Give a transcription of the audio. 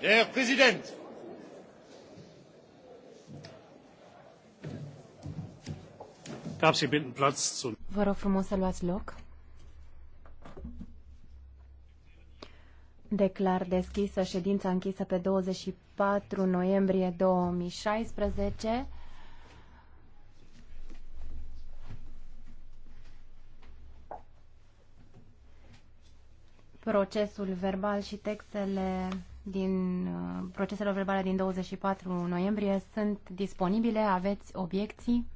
Herr Präsident! Darf Sie bitten, Platz zu... Vă rog frumos să luați loc. Declar deschisă ședința închisă pe 24 noiembrie 2016. Procesul verbal și textele din uh, procesele verbale din 24 noiembrie sunt disponibile. Aveți obiecții?